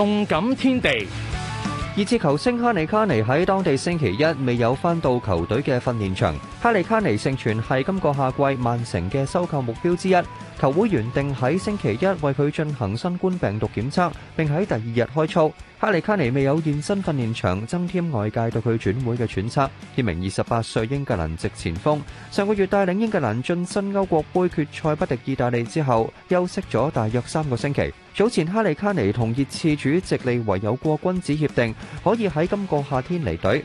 動感天地，熱刺球星哈利卡尼喺當地星期一未有翻到球隊嘅訓練場。哈利卡尼盛傳係今個夏季曼城嘅收購目標之一。球會原定喺星期一為佢進行新冠病毒檢測，並喺第二日開操。哈利卡尼未有現身訓練場，增添外界對佢轉會嘅揣測。一名二十八歲英格蘭籍前鋒，上個月帶領英格蘭進新歐國杯決賽不敵意大利之後，休息咗大約三個星期。早前哈利卡尼同熱刺主席利維有過君子協定，可以喺今個夏天離隊。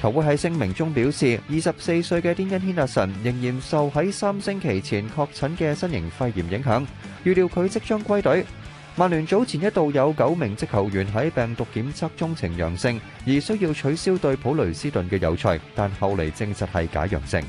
球會喺聲明中表示，二十四歲嘅甸恩軒達臣仍然受喺三星期前確診嘅新型肺炎影響，預料佢即將歸隊。曼聯早前一度有九名職球員喺病毒檢測中呈陽性，而需要取消對普雷斯頓嘅友賽，但後嚟證實係假陽性。